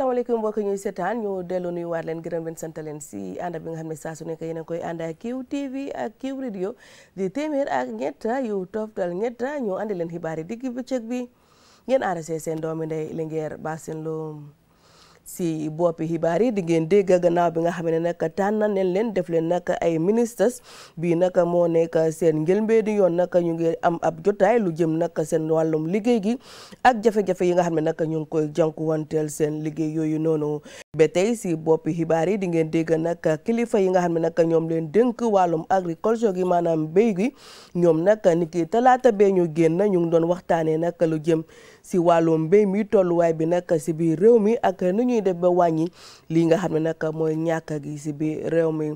asalaamaaleykum mbokk ñuy seetaan ñu delloo nuyuwaat leen gërëm leen sant leen si ànd bi nga xam ne saa su nekk yéen a koy ànd ak Q TV ak Q Radio di téeméer ak ñett yu toftal ñett ñu andi leen xibaari digg bëccëg bi ngeen aar seen doomi ndey Linguère Basin Loum si boppi xibaar yi di ngeen dégg gannaaw bi nga xam ne nag tànn nañ leen def leen nag ay ministres bii nag moo nekk seen njëlbeen di yoon nag ñu ngi am ab jotaay lu jëm nag seen wàllum liggéey gi ak jafe yi nga xam ne nag ñu ngi koy jànkuwanteel seen liggéey yooyu noonu. ba tey si boppi xibaar yi di ngeen dégg nag kilifa yi nga xam ne nag ñoom leen dënk wàllum agriculture gi maanaam béy gi ñoom nag ki talaata bee ñu génn ñu ngi doon waxtaanee nag lu jëm. si wàllum mbéy mi tolluwaay bi nag si biir réew mi ak nu ñuy def ba wàññi lii nga xam ne nag mooy ñàkk gi si biir réew mi.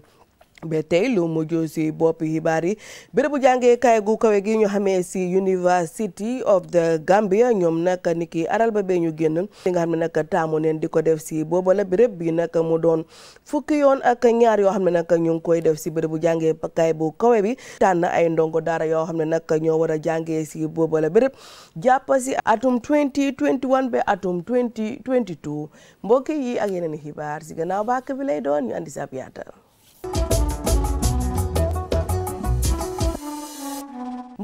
ba tey lu mujj si boppi xibaar yi bérébu jàngeekaay gu kawe gi ñu xamee si University of the Gambia ñoom nag ni ki aral ba bee ñu génn li nga xam ne nag taamu neen di ko def si booba la béréb bi nag mu doon fukki yoon ak ñaar yoo xam ne nag ñu ngi koy def si jàngee jàngeekaay bu kawe bi tànn ay ndongo daara yoo xam ne nag ñoo war a jàngee si booba la béréb jàpp si atum 2021 ba atum 2022 mbokk yi ak yeneen xibaar si gannaaw bàkk bi lay doon ñu andi si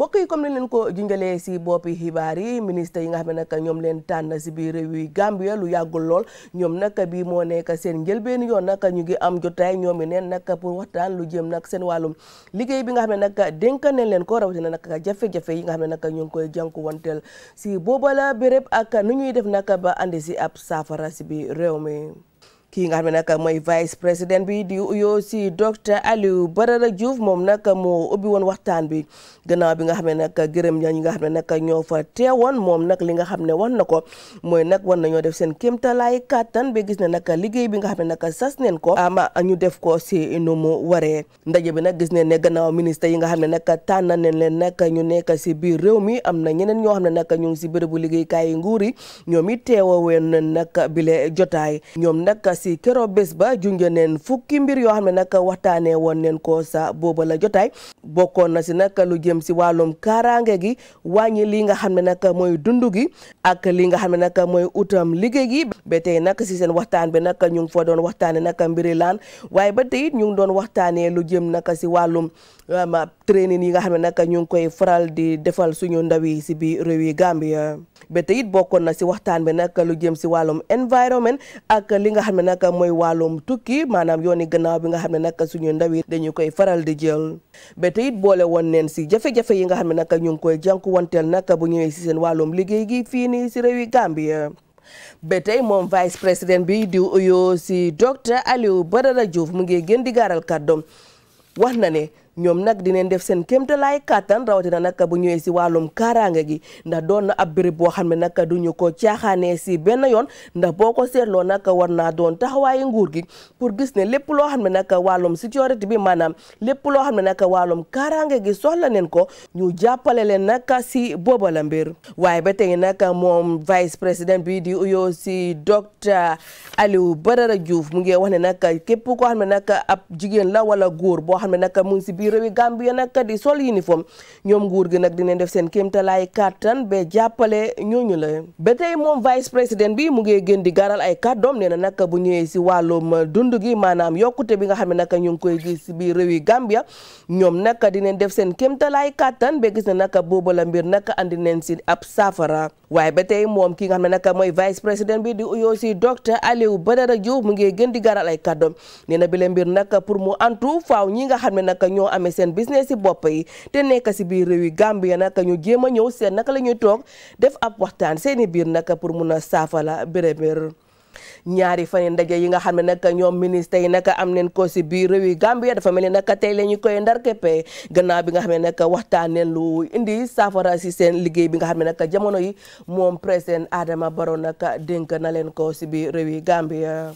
mbokk yi comme ni leen ko junjalee si boppi xibaar yi ministre yi nga xam ne nag ñoom leen tànn si biir réew yi Gambia lu yàggul lool ñoom nag bii moo nekk seen njëlbeen yoon nag ñu ngi am jotaay ñoom i neen nag pour waxtaan lu jëm nag seen wàllum liggéey bi nga xam ne nag dénk neen leen ko rawatina nag jafe-jafe yi nga xam ne nag ñu ngi koy jànku wanteel si booba la béréb ak nu ñuy def nag ba andi si ab saafara si biir réew mi kii nga xam ne nag mooy vice président bi di uyoo si docteur Alieu Badara Diouf moom nag moo ubbi woon waxtaan bi gannaaw bi nga xam ne nag gërëm ñi nga xam ne nag ñoo fa teewoon moom nag li nga xam ne wan na ko mooy nag war nañoo def seen kéemtalaay kàttan ba gis ne nag liggéey bi nga xam ne nag sas neen ko ama ñu def ko si nu mu waree ndaje bi nag gis ne ne gannaaw ministre yi nga xam ne nag tànn nañ leen nag ñu nekk si biir réew mi am na ñeneen ñoo xam ne nag ñu ngi si bërëbu liggéeykaay nguur yi ñoom it teewoo woon nag bile jotaay ñoom nag si keroog bés ba junj neen fukki mbir yoo xam ne nag waxtaanee woon neen ko sa booba la jotaay bokkoon na si nag lu jëm si wàllum kaaraange gi wàññi li nga xam ne nag mooy dund gi ak li nga xam ne nag mooy utam liggéey gi ba tey nag si seen waxtaan bi nag ñu ngi doon waxtaanee nag mbiri laan waaye ba tey it ñu ngi doon waxtaanee lu jëm nag si wàllum um, training yi nga xam ne nag ñu ngi koy faral di defal suñu ndaw yi si biir réew yi Gambia ba tey bokkoon na si waxtaan bi nag lu jëm si wàllum environment ak li nga xam ne nag mooy wàllum tukki maanaam yooni gannaaw bi nga xam ne nag suñu ndaw yi dañu koy faral di jël ba tey it boole woon neen si jafe-jafe yi nga xam ne nag ñu ngi koy jànkuwanteel nag bu ñëwee si seen wàllum liggéey gi fii nii si réewi Gambia ba tey moom vice président bi di uyoo si docteur Alieu Badara Diouf mu ngi gën di gaaral kàddoom wax na ñoom nag dineen def seen kéemtalaay kàttan rawatina nag bu ñëwee si wàllum kaaraange gi nda doon na ab béréb boo xam ne nag du ñu ko caaxaanee si benn yoon ndax boo ko seetloo nag war naa doon taxawaayu nguur gi pour gis ne lépp loo xam ne nag wàllum sécurité bi maanaam lépp loo xam ne nag wàllum kaaraange gi soxla neen ko ñu jàppale leen nag si booba la waaye ba tey nag moom vice président bi di uyoo si docteur Aliou Badara Diouf mu ngi wax ne nag képp koo xam ne nag ab jigéen la wala góor boo xam ne nag mu ngi si biir ci réewi Gambia nag di sol uniforme ñoom nguur gi nag dinañ def seen kéemtalaay kàttan ba jàppale ñooñu la ba tey moom vice président bi mu ngi gën di garal ay kàddoom nee na nag bu ñëwee si wàllum dund gi maanaam yokkute bi nga xam ne nag ñu ngi koy gis biir réewi Gambia ñoom nag dinañ def seen kéemtalaay kàttan ba gis nag boobu la mbir nag andi neen si ab saafara waaye ba tey moom ki nga xam ne nag mooy vice président bi di uyoo si docteur Aliou Badara Diouf mu ngi gën di garal ay kàddoom nee na bi la mbir nag pour mu antu faaw amee seen business yi bopp yi te nekk si biir réew yi Gambia nag ñu jéem a ñëw seen naka la ñuy toog def ab waxtaan seeni biir nag pour mun a saafala béréb ñaari fan ndaje yi nga xam ne nag ñoom ministre yi nag am neen ko si biir réew yi Gambia dafa mel ni nag tey la ñu koy ndar keppe gannaaw bi nga xam ne nag waxtaan neen lu indi saafara si seen liggéey bi nga xam ne nag jamono yi moom président Adama Barrow nag dénk na leen ko si biir réew yi Gambia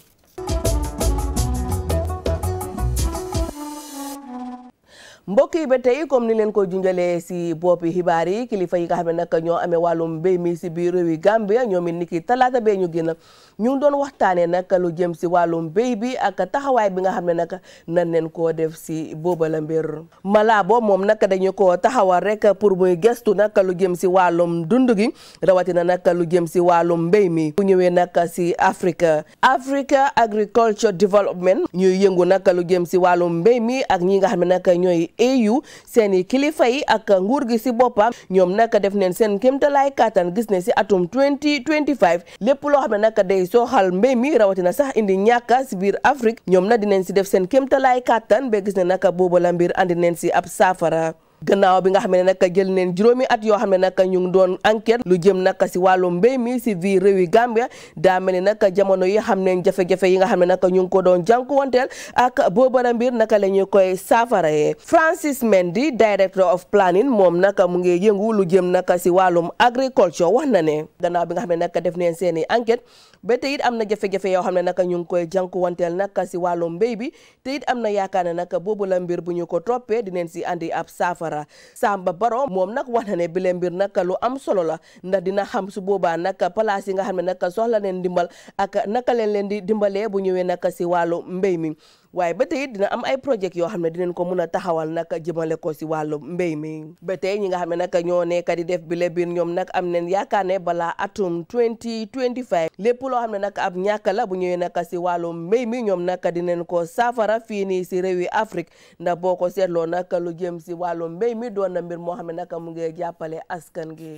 mbokk yi ba tey comme ni leen ko junjalee si boppi xibaar yi kilifa yi nga xamee ne nag ñoo amee wàllum mbéy mi si biir réew yi Gambia ñoom it niki talaata bee ñu génn ñu doon waxtaanee nag lu jëm si wàllum mbéy bi ak taxawaay bi nga xam nag nan leen koo def si booba la mbir Malabo moom nag dañu ko taxawal rek pour muy gestu nag lu jëm si wàllum dund gi rawatina nag lu jëm si wàllum mbéy mi ku ñëwee nag si Africa Africa Agriculture Development ñuy yëngu nag lu jëm si wàllum mbéy mi ak ñi nga xam ne nag ñooy AU seen i kilifa yi ak nguur gi si boppam ñoom naka def neen seen kéemtalaay kattan gis ne si atum 2025 lépp loo xam ne naka day sooxal mbéy mi rawatina sax indi ñàkka si biir Afrique ñoom na dinañ si def seen kéemtalaay kattan be gis ne naka boobu la mbir andi neen si ab saafara. gannaaw bi nga xam ne nag jël neen juróomi at yoo xam ne nag ñu ngi doon enquête lu jëm nag si wàllum mbéy mi si biir réewi Gambia daa mel ni nag jamono yi xam ne jafe-jafe yi nga xam ne nag ñu ngi ko doon wanteel ak boobara mbir naka la koy koy saafarayee Francis Mendy director of planning moom nag mu ngi yëngu lu jëm nag si wàllum agriculture wax na ne gannaaw bi nga xam ne nag def neen seeni enquête ba tey it am na jafe-jafe yoo xam ne naka ñu ngi koy jànkuwanteel naka si wàllum mbéy bi te it am na yaakaar ne naka boobu la mbir bu ñu ko di dinañ si andi ab saafara Samba Baro moom nag wax na ne bile mbir naka lu am solo la ndax dina xam su boobaa naka place yi nga xam ne naka soxla leen dimbal ak naka leen leen di dimbalee bu ñëwee naka si wàllu mbéy mi waaye ba tey dina am ay projets yoo xam ne dinañ ko mun a taxawal nag jëmale ko si wàllu mbéy mi ba tey ñi nga xam ne nag ñoo nekk di def bi le biir ñoom nag am nañ yaakaar ne balaa atum 2025 lépp loo xam ne nag ab ñàkk la bu ñëwee nag si wàllu mbéy mi ñoom nag dinañ ko saafara fii nii si réewi Afrique ndax boo ko seetloo nag lu jëm si wàllu mbéy mi doon na mbir moo xam ne nag mu ngi jàppale askan gi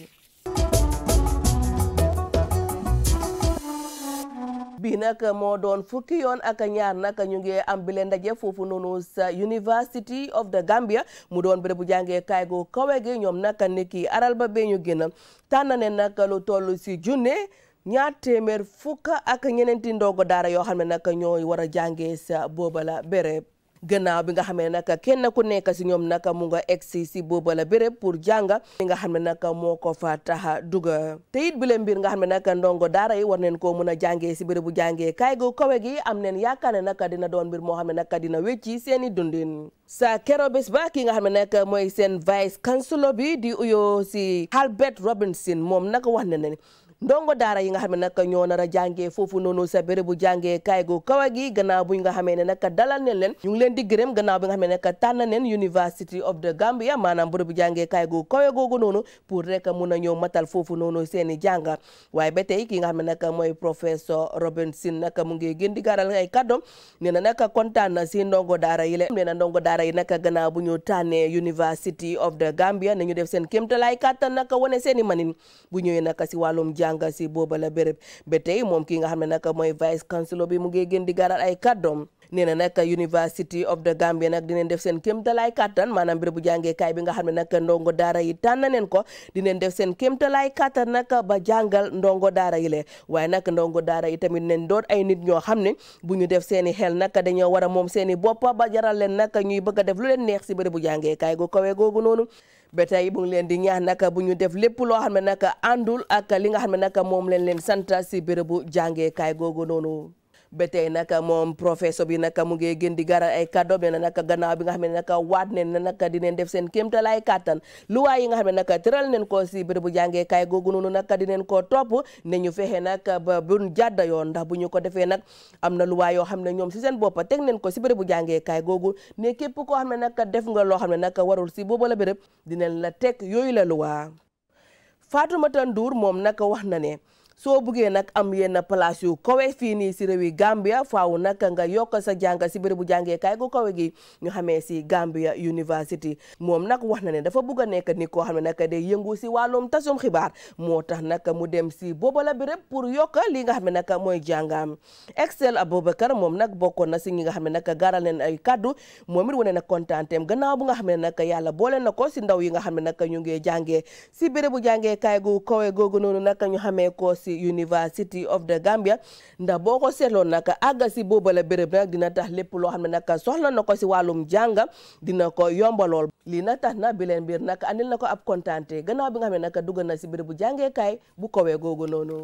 bi nag moo doon fukki yoon ak ñaar nag ñu ngi am bile ndaje foofu noonu sa University of the Gambia mu doon bu jàngee kaay gu kawe gi ñoom nag niki ba bee ñu génn tànn ne nag lu toll si junne ñaar téeméer fukk ak ñeneenti ndongo daara yoo xam ne nag ñooy war a jàngee sa booba la béréb. gannaaw bi nga xam ne nag kenn ku nekk si ñoom nag mu nga egsi si booba la béréb pour jànga li nga xam ne nag moo ko fa taxa duga te it mbir nga xam ne nag ndongo daara yi war neen koo mën a jàngee si bérébu jàngee kaay gu kawe gi am neen yaakaar ne nag dina doon mbir moo xam ne nag dina wecci seeni dundin sa kero bés ba ki nga xam ne nag mooy seen vice chancellor bi di uyoo si Albert Robinson moom naka war na ne ndongo daara yi nga xam ne nag ñoo nar a jàngee foofu noonu sa bérébu jàngee kaay gu kawa gi gannaaw bu ñu nga xamee ne nag dalal neen leen ñu ngi leen di gërëm gannaaw bi nga xamee ne nag tànn neen University of the Gambia maanaam bérébu jàngee kaay gu kawe googu noonu pour rek a ñëw matal foofu noonu seen i jàng waaye ba tey ki nga xam ne nag mooy professeur Robinson nag mu ngi gën di garal ay kàddoom nee na nag kontaan na si ndongo daara yi la nee na ndongo daara yi nag gannaaw bu ñu tànnee University of the Gambia nañu def seen kéemtalaay kàttan nag wane seen i manin bu ñëwee nag si wàllum jàng si booba la béréb ba tey moom ki nga xam ne nag mooy vice chancellor bi mu ngi gën di garal ay kàddoom nee na nag University of the Gambia di dinañ def seen kéemtalaay kàttan maanaam bérébu jàngeekaay bi ba jàngal ndongo daara yi le waaye nag ndongo daara yi tamit nañ doon ay nit ñoo xam ne bu ñu def seen i xel nag dañoo war a moom seen i bopp ba jaral leen nag ñuy bëgg a def lu leen neex si bérébu jàngeekaay gu kawe googu noonu ba tey mu ngi leen di ñaax nag bu ñu def lépp loo xam ne nag àndul ak li nga xam ne nag moom leen leen sant si bérébu jàngeekaay googu noonu. ba tey nag moom professeur bi nag mu ngi di gara ay kàddoom nee na nag gannaaw bi nga xam ne nag waat ne na nag dinañ def seen ay kattan luwaay yi nga xam ne nag tëral nañ ko si bérébu jàngeekaay googu noonu nag dinañ koo topp ne ñu fexe nag ba buñ jàdda yoon ndax bu ñu ko defee nag am na luwaay yoo xam ne ñoom si seen bopp teg nañ ko si bérébu jàngeekaay googu ne képp koo xam ne def nga loo xam ne nag warul si boobu la béréb dinañ la teg yooyu la luwaa Fatoumata duur moom nag wax na ne soo buggee nag am yenn place yu kawe fii nii si réewi Gambia faaw nag nga yokk sa jàng si bérébu jàngeekaay gu kawe gi ñu xamee si Gambia University moom nag wax na ne dafa bugg a nekk ni koo xam ne nag day yëngu si wàllum tasum xibaar moo tax nag mu dem si booba la béréb pour yokk li nga xam ne nag mooy jàngam Excel Aboubacar moom nag bokkoon na si ñi nga xam ne nag gaaral leen ay kaddu moom it na kontaanteem gannaaw bu nga xam nag yàlla boole na ko si ndaw yi nga xam ne nag ñu ngi jàngee si bérébu jàngeekaay gu kawe googu noonu nag ñu ko si University of the Gambia ndax boo ko seetloo nag àgg si boobale béréb nag dina tax lépp loo xam ne nag soxla na ko si wàllum jàng dina ko yombalool lii nag tax na bi leen mbir nag andil na ko ab kontaante gannaaw bi nga xam ne nag dugg na si bérébu jàngeekaay bu kowee googu noonu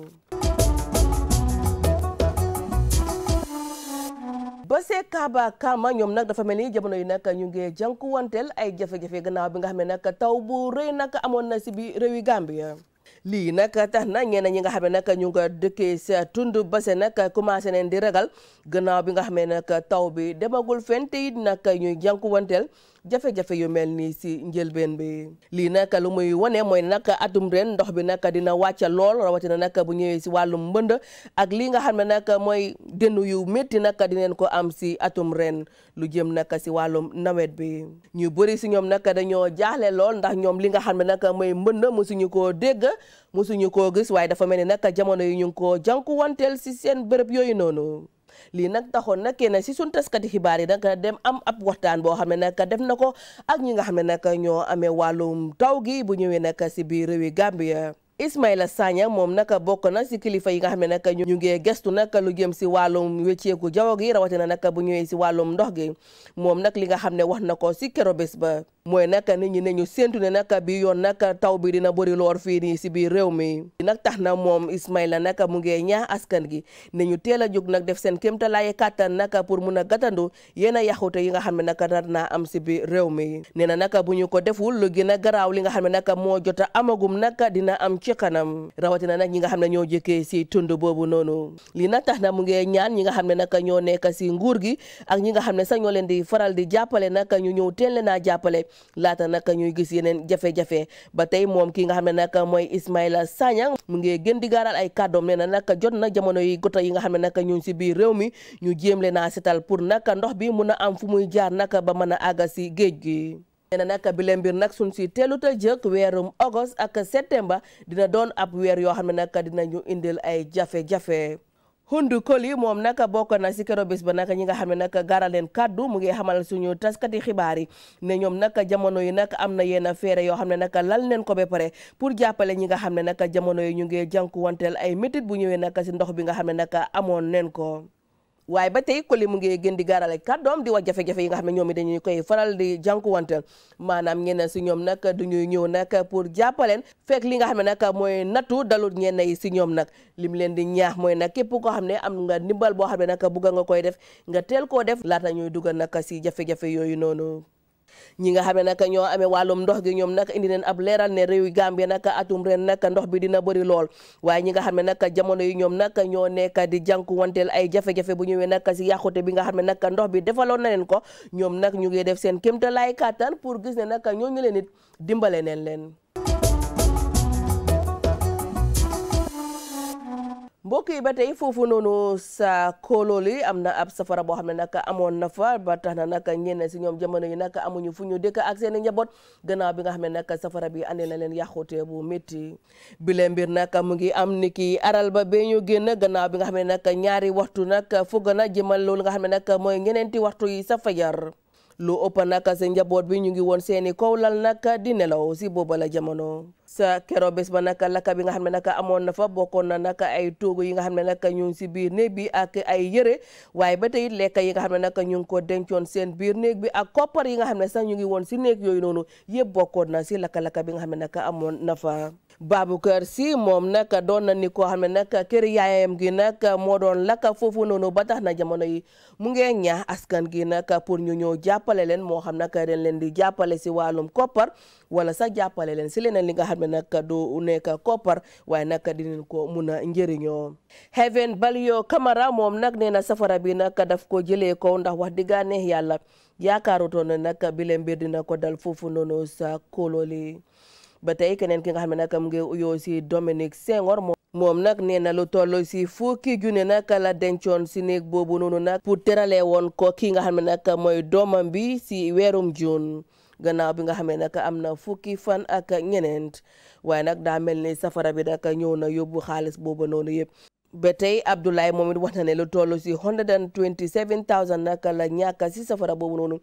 Basse Kaba Kama ñoom nag dafa mel ni jamono yi nag ñu ngi wanteel ay jafe-jafe gannaaw bi nga xam ne nag taw bu rëy nag amoon na si bi réewi Gambia lii nag tax na ñenn ñi nga xam ne ñu nga dëkkee sa tund base nag commencé neen di ragal gannaaw bi nga xam ne nag taw bi demagul fenn te it nag ñuy jànkuwanteel jafe-jafe yu mel nii si njëlbeen bi lii naka lu muy wane mooy nag atum ren ndox bi nag dina wàcca lool rawatina nag bu ñëwee si wàllum mbënd ak lii nga xam ne nag mooy dënnu yu métti nag dineen ko am si atum ren lu jëm nag si wàllum nawet bi ñuy bëri si ñoom nag dañoo jaaxle lool ndax ñoom li nga xam ne nag mooy mbënd musuñu koo dégg musuñu koo gis waaye dafa mel ni nag jamono yi ñu ngi koo wanteel si seen bërëb yooyu noonu lii nag taxoon na kenn si suñu taskati xibaar yi nag dem am ab waxtaan boo xam ne nag def na ko ak ñi nga xam ne nag ñoo amee wàllum taw gi bu ñëwee nag si biir réewi Gambia. Ismaila saaña moom nag bokk na si kilifa yi nga xam ne nag ñu ngi gestu nag lu jëm si wàllum wecceeku jaww gi rawatina nag bu ñëwee si wàllum ndox gi moom nag li nga xam ne wax na ko si kero ba. mooy naka nit ñi ne ñu séntu ne naka bi yoon naka taw bi dina bëri loor fii nii si biir réew mi nag tax na moom Ismaila naka mu ngi ñaax askan gi ne ñu teel a jóg nag def seen kéemtalaaye kàttan naka pour mun a gàttandu yéen a yaxute yi nga xam ne naka nar naa am si biir réew mi nee na naka bu ñu ko deful lu gën a garaaw li nga xam ne naka moo jot a amagum naka dina am ci kanam rawatina nag ñi nga xam ne ñoo jëkkee si tund boobu noonu lii nag tax na mu ngi ñaan ñi nga xam ne naka ñoo nekk si nguur gi ak ñi nga xam ne sax ñoo leen di faral di jàppale naka ñu ñëw teel leen a jàppale laata nag ñuy gis yeneen jafe-jafe ba tey moom ki nga xam ne nag mooy Ismaila Sanyang mu ngi gën di gaaral ay kàddoom nee na nag jot na jamono yi goto yi nga xam ne nag ñu ngi si biir réew mi ñu jéem leen a setal pour nag ndox bi mun a am fu muy jaar nag ba mën a àgg si géej gi. neena nag bile mbir nag suñ si teelut a jëkk weerum agost ak septembre dina doon ab weer yoo xam ne nag dinañu indil ay jafe-jafe. Hundu Koli moom nag bokk na si keroog ba nag ñi nga xam ne nag garal leen kaddu mu ngi xamal suñu taskati xibaar yi ne ñoom nag jamono yi nag am na yenn feere yoo xam ne naka lal neen ko ba pare pour jàppale ñi nga xam ne nag jamono yi ñu ngi wanteel ay métit bu ñëwee nag si ndox bi nga xam ne nag amoon neen ko. waaye ba tey Colley mu ngi gën di gaarale kàddoom di wax jafe-jafe yi nga xam ne ñoom it dañuy koy faral di jànkuwanteel maanaam ñenn si ñoom nag du ñuy ñëw nag pour jàppaleen fekk li nga xam ne nag mooy nattu dalul ñenn yi si ñoom nag lim leen di ñaax mooy nag képp koo xam ne am nga nimbal boo xam ne nag bugg nga koy def nga teel koo def laata ñuy dugal nag si jafe-jafe yooyu noonu. ñi nga xam ne nag ñoo amee wàllum ndox gi ñoom nag indi neen ab leeral ne réew yi Gambie nag atum ren nag ndox bi dina bëri lool waaye ñi nga xam ne nag jamono yi ñoom nag ñoo nekk di jànkuwanteel ay jafe-jafe bu ñëwee nag si yàqute bi nga xam ne nag ndox bi defaloon na leen ko ñoom nag ñu ngi def seen laay kàttan pour gis ne nag ñoo ngi leen it dimbale neen leen mbokk yi ba tey foofu noonu sa kóolóoli am na ab safara boo xam ne nag amoon na fa ba tax na nag ñenn si ñoom jamono yi nag amuñu fu ñu dëkk ak seen njaboot gannaaw bi nga xamee ne nag safara bi andi na leen yàqute bu métti bile mbir nag mu ngi am ni ki aral ba bee ñu génn ganaaw bi nga xamee ne nag ñaari waxtu nag foog na jëmal loolu nga xam ne nag mooy ñeneenti waxtu yi sa fajar lu ëpp naka sa njaboot bi ñu ngi woon seeni kaw lal nag di nelaw si booba la jamono. sa kero bés ba nag lakka bi nga xam ne nag amoon na fa bokkoon na nag ay toogu yi nga xam ne nag ñu ngi si biir néeg bi ak ay yëre waaye ba tey lekk yi nga xam ne nag ñu ngi ko dencoon seen biir néeg bi ak koppar yi nga xam ne sax ñu ngi woon si néeg yooyu noonu yëpp bokkoon na si lakka-lakka bi nga xam ne nag amoon na fa. Baboucar si moom nag doon na ni koo xam ne nag kër yaayam gi nag moo doon lakk foofu noonu ba na jamono yi mu ngee ñaax askan gi nag pour ñu ñëw jàppale leen moo xam nag dañ leen di jàppale si wàllum koppar wala sax jàppale leen si leneen li nga xam ne nag du nekk koppar waaye nag dinañ ko mun a njëriñoo. Heaven Balyo Camara moom nag nee na safara bi nag daf ko jëlee ko ndax wax dëgg neex yàlla yaakaarutoon na nag bi leen mbir dina ko dal foofu noonu sa kóolóoli. ba tey keneen ki nga xam ne nag mu ngi uyoo si Dominique Senghor moom moom nag nee na lu toll si fukki junne nag la dencoon si néeg boobu noonu nag pour teralee woon ko ki nga xam ne nag mooy doomam bi si weerum juun gannaaw bi nga xam ne nag am na fukki fan ak ñeneent waaye nag daa mel ni safara bi nag ñëw na yóbbu xaalis boobu noonu yëpp. ba tey Abdoulaye moom it wax na ne lu toll si 127000 nag la ñàkk si safara boobu noonu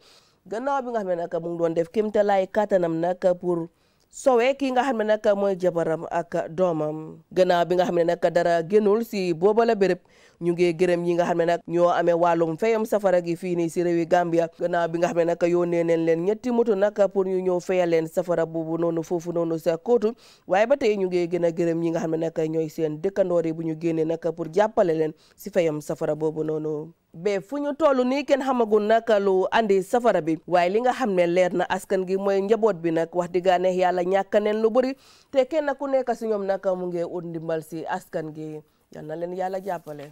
gannaaw bi nga xam ne nag mu ngi doon def kéemtalaay kattanam nag pour. soowee kii nga xam ne nag mooy jabaram ak doomam gannaaw bi nga xam ne nag dara génnul si booba la béréb ñu ngi gërëm ñi nga xam ne nag ñoo amee wàllum fayam safara gi fii nii si réewi Gambia gannaaw bi nga xam ne nag yónnee neen leen ñetti moto nag pour ñu ñëw fayal leen safara boobu noonu foofu noonu sa kootu waaye ba tey ñu ngi gën a gërëm ñi nga xam ne nag ñooy seen dëkkandoor yi bu ñu génnee nag pour jàppale leen si fayam safara boobu noonu be fu ñu tollu nii kenn xamagul nag lu andi safara bi waaye li nga xam ne leer na askan gi mooy njaboot bi nag wax diggaa ne yàlla ñàkk nen lu bëri te kenn ku nekk si ñoom nag mu ngi ut ndimbal si askan gi yal na leen yàlla jàppale.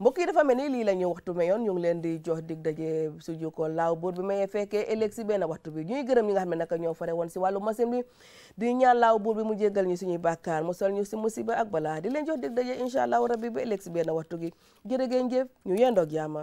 mbokk yi dafa mel ni lii la ñu waxtu mayoon ñu ngi leen di jox dig daje su jukkoon laaw buur bi mayee fekkee ëllëg si benn waxtu bi ñuy gërëm ñi nga xam ne nag ñoo fare woon si wàllu machine bi di ñaan laaw buur bi mu jéggal ñu suñuy bàkkaar mu sol ñu si musiba ak balaa di leen jox dig daje incha allahu rabbi ba ëllëg si benn waxtu gi jërëgeen jëf ñu yendoog yaama